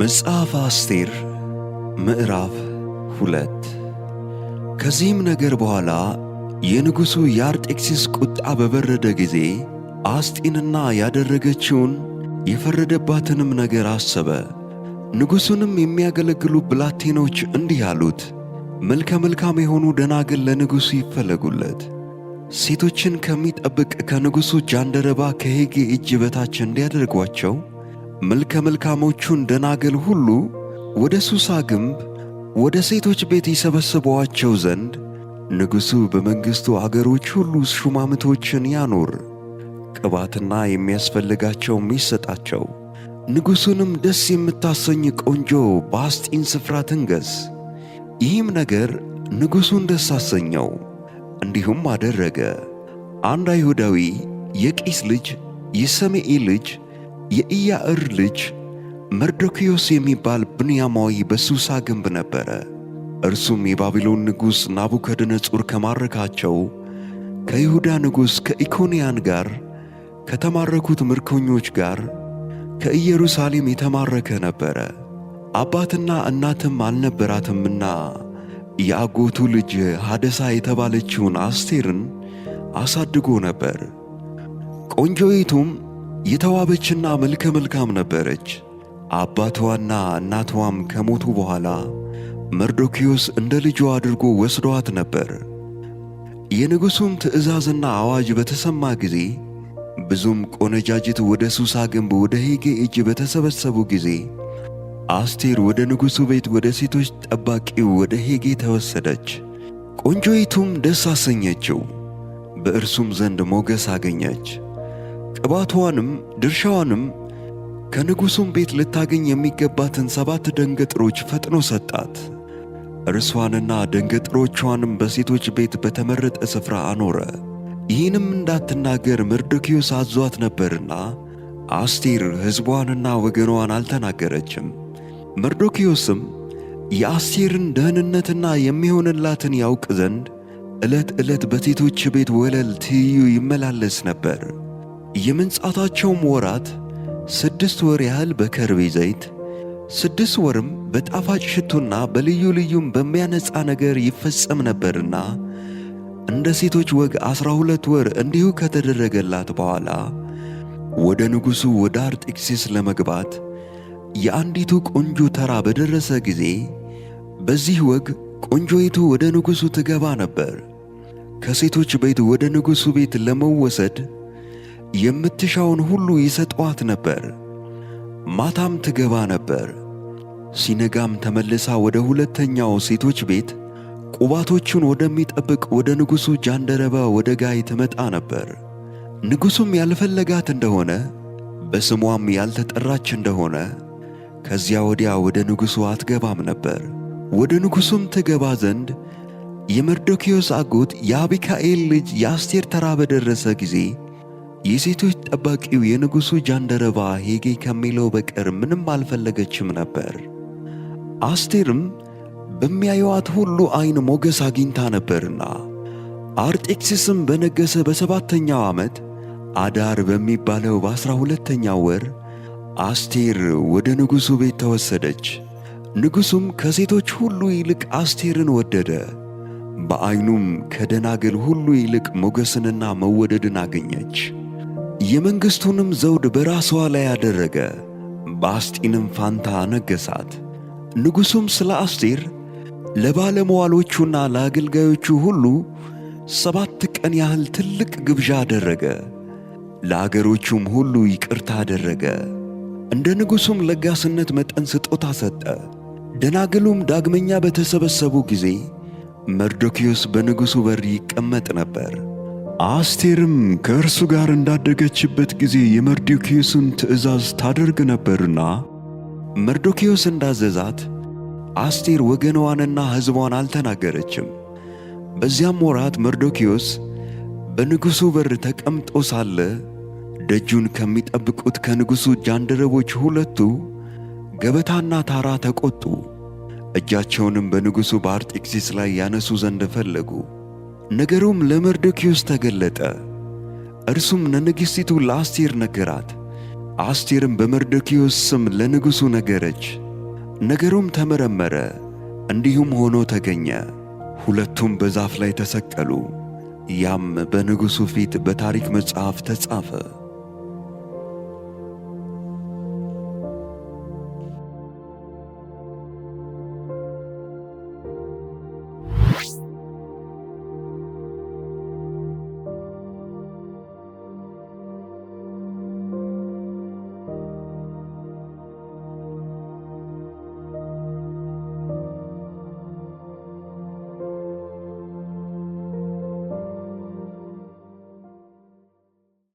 መጽሐፍ አስቴር ምዕራፍ ሁለት ከዚህም ነገር በኋላ የንጉሡ የአርጤክስስ ቁጣ በበረደ ጊዜ አስጢንና ያደረገችውን የፈረደባትንም ነገር አሰበ። ንጉሡንም የሚያገለግሉ ብላቴኖች እንዲህ አሉት፣ መልከ መልካም የሆኑ ደናግል ለንጉሡ ይፈለጉለት፣ ሴቶችን ከሚጠብቅ ከንጉሡ ጃንደረባ ከሄጌ እጅ በታች እንዲያደርጓቸው መልከ መልካሞቹን ደናግል ሁሉ ወደ ሱሳ ግንብ ወደ ሴቶች ቤት ይሰበስበዋቸው ዘንድ ንጉሡ በመንግሥቱ አገሮች ሁሉ ሹማምቶችን ያኑር፣ ቅባትና የሚያስፈልጋቸውም ይሰጣቸው። ንጉሡንም ደስ የምታሰኝ ቆንጆ በአስጢን ስፍራ ትንገሥ። ይህም ነገር ንጉሡን ደስ አሰኘው። እንዲሁም አደረገ። አንድ አይሁዳዊ የቂስ ልጅ የሰሜኢ ልጅ የኢያእር ልጅ መርዶክዮስ የሚባል ብንያማዊ በሱሳ ግንብ ነበረ። እርሱም የባቢሎን ንጉሥ ናቡከደነጹር ከማረካቸው ከይሁዳ ንጉሥ ከኢኮንያን ጋር ከተማረኩት ምርኮኞች ጋር ከኢየሩሳሌም የተማረከ ነበረ። አባትና እናትም አልነበራትምና የአጎቱ ልጅ ሀደሳ የተባለችውን አስቴርን አሳድጎ ነበር። ቆንጆይቱም የተዋበችና መልከ መልካም ነበረች። አባቷና እናቷም ከሞቱ በኋላ መርዶኪዮስ እንደ ልጁ አድርጎ ወስዷት ነበር። የንጉሡም ትእዛዝና አዋጅ በተሰማ ጊዜ ብዙም ቆነጃጅት ወደ ሱሳ ግንብ ወደ ሄጌ እጅ በተሰበሰቡ ጊዜ አስቴር ወደ ንጉሡ ቤት ወደ ሴቶች ጠባቂው ወደ ሄጌ ተወሰደች። ቆንጆይቱም ደስ አሰኘችው፣ በእርሱም ዘንድ ሞገስ አገኘች። ቅባቷንም ድርሻዋንም ከንጉሡም ቤት ልታገኝ የሚገባትን ሰባት ደንገጥሮች ፈጥኖ ሰጣት። እርሷንና ደንገጥሮቿንም በሴቶች ቤት በተመረጠ ስፍራ አኖረ። ይህንም እንዳትናገር መርዶክዮስ አዟት ነበርና አስቴር ሕዝቧንና ወገኗን አልተናገረችም። መርዶክዮስም የአስቴርን ደህንነትና የሚሆንላትን ያውቅ ዘንድ ዕለት ዕለት በሴቶች ቤት ወለል ትይዩ ይመላለስ ነበር። የመንጻታቸውም ወራት ስድስት ወር ያህል በከርቤ ዘይት ስድስት ወርም በጣፋጭ ሽቱና በልዩ ልዩም በሚያነጻ ነገር ይፈጸም ነበርና እንደ ሴቶች ወግ ዐሥራ ሁለት ወር እንዲሁ ከተደረገላት በኋላ ወደ ንጉሡ ወደ አርጤክስስ ለመግባት የአንዲቱ ቆንጆ ተራ በደረሰ ጊዜ በዚህ ወግ ቆንጆይቱ ወደ ንጉሡ ትገባ ነበር። ከሴቶች ቤት ወደ ንጉሡ ቤት ለመወሰድ የምትሻውን ሁሉ ይሰጧት ነበር። ማታም ትገባ ነበር። ሲነጋም ተመልሳ ወደ ሁለተኛው ሴቶች ቤት ቁባቶቹን ወደሚጠብቅ ወደ ንጉሡ ጃንደረባ ወደ ጋይ ትመጣ ነበር። ንጉሡም ያልፈለጋት እንደሆነ በስሟም ያልተጠራች እንደሆነ ከዚያ ወዲያ ወደ ንጉሡ አትገባም ነበር። ወደ ንጉሡም ትገባ ዘንድ የመርዶክዮስ አጎት የአቢካኤል ልጅ የአስቴር ተራ በደረሰ ጊዜ የሴቶች ጠባቂው የንጉሡ ጃንደረባ ሄጌ ከሚለው በቀር ምንም አልፈለገችም ነበር። አስቴርም በሚያየዋት ሁሉ ዐይን ሞገስ አግኝታ ነበርና። አርጤክስስም በነገሰ በሰባተኛው ዓመት አዳር በሚባለው በዐሥራ ሁለተኛው ወር አስቴር ወደ ንጉሡ ቤት ተወሰደች። ንጉሡም ከሴቶች ሁሉ ይልቅ አስቴርን ወደደ። በዐይኑም ከደናግል ሁሉ ይልቅ ሞገስንና መወደድን አገኘች። የመንግሥቱንም ዘውድ በራሷ ላይ አደረገ፣ በአስጢንም ፋንታ አነገሳት። ንጉሡም ስለ አስቴር ለባለመዋሎቹና ለአገልጋዮቹ ሁሉ ሰባት ቀን ያህል ትልቅ ግብዣ አደረገ። ለአገሮቹም ሁሉ ይቅርታ አደረገ፣ እንደ ንጉሡም ለጋስነት መጠን ስጦታ ሰጠ። ደናግሉም ዳግመኛ በተሰበሰቡ ጊዜ መርዶክዮስ በንጉሡ በር ይቀመጥ ነበር። አስቴርም ከእርሱ ጋር እንዳደገችበት ጊዜ የመርዶክዮስን ትእዛዝ ታደርግ ነበርና መርዶክዮስ እንዳዘዛት አስቴር ወገንዋንና ሕዝቧን አልተናገረችም። በዚያም ወራት መርዶክዮስ በንጉሡ በር ተቀምጦ ሳለ ደጁን ከሚጠብቁት ከንጉሡ ጃንደረቦች ሁለቱ ገበታና ታራ ተቈጡ። እጃቸውንም በንጉሡ በአርጤክስስ ላይ ያነሱ ዘንድ ፈለጉ። ነገሩም ለመርዶኪዮስ ተገለጠ። እርሱም ለንግሥቲቱ ለአስቴር ነገራት። አስቴርም በመርዶኪዎስ ስም ለንጉሡ ነገረች። ነገሩም ተመረመረ፣ እንዲሁም ሆኖ ተገኘ። ሁለቱም በዛፍ ላይ ተሰቀሉ። ያም በንጉሡ ፊት በታሪክ መጽሐፍ ተጻፈ።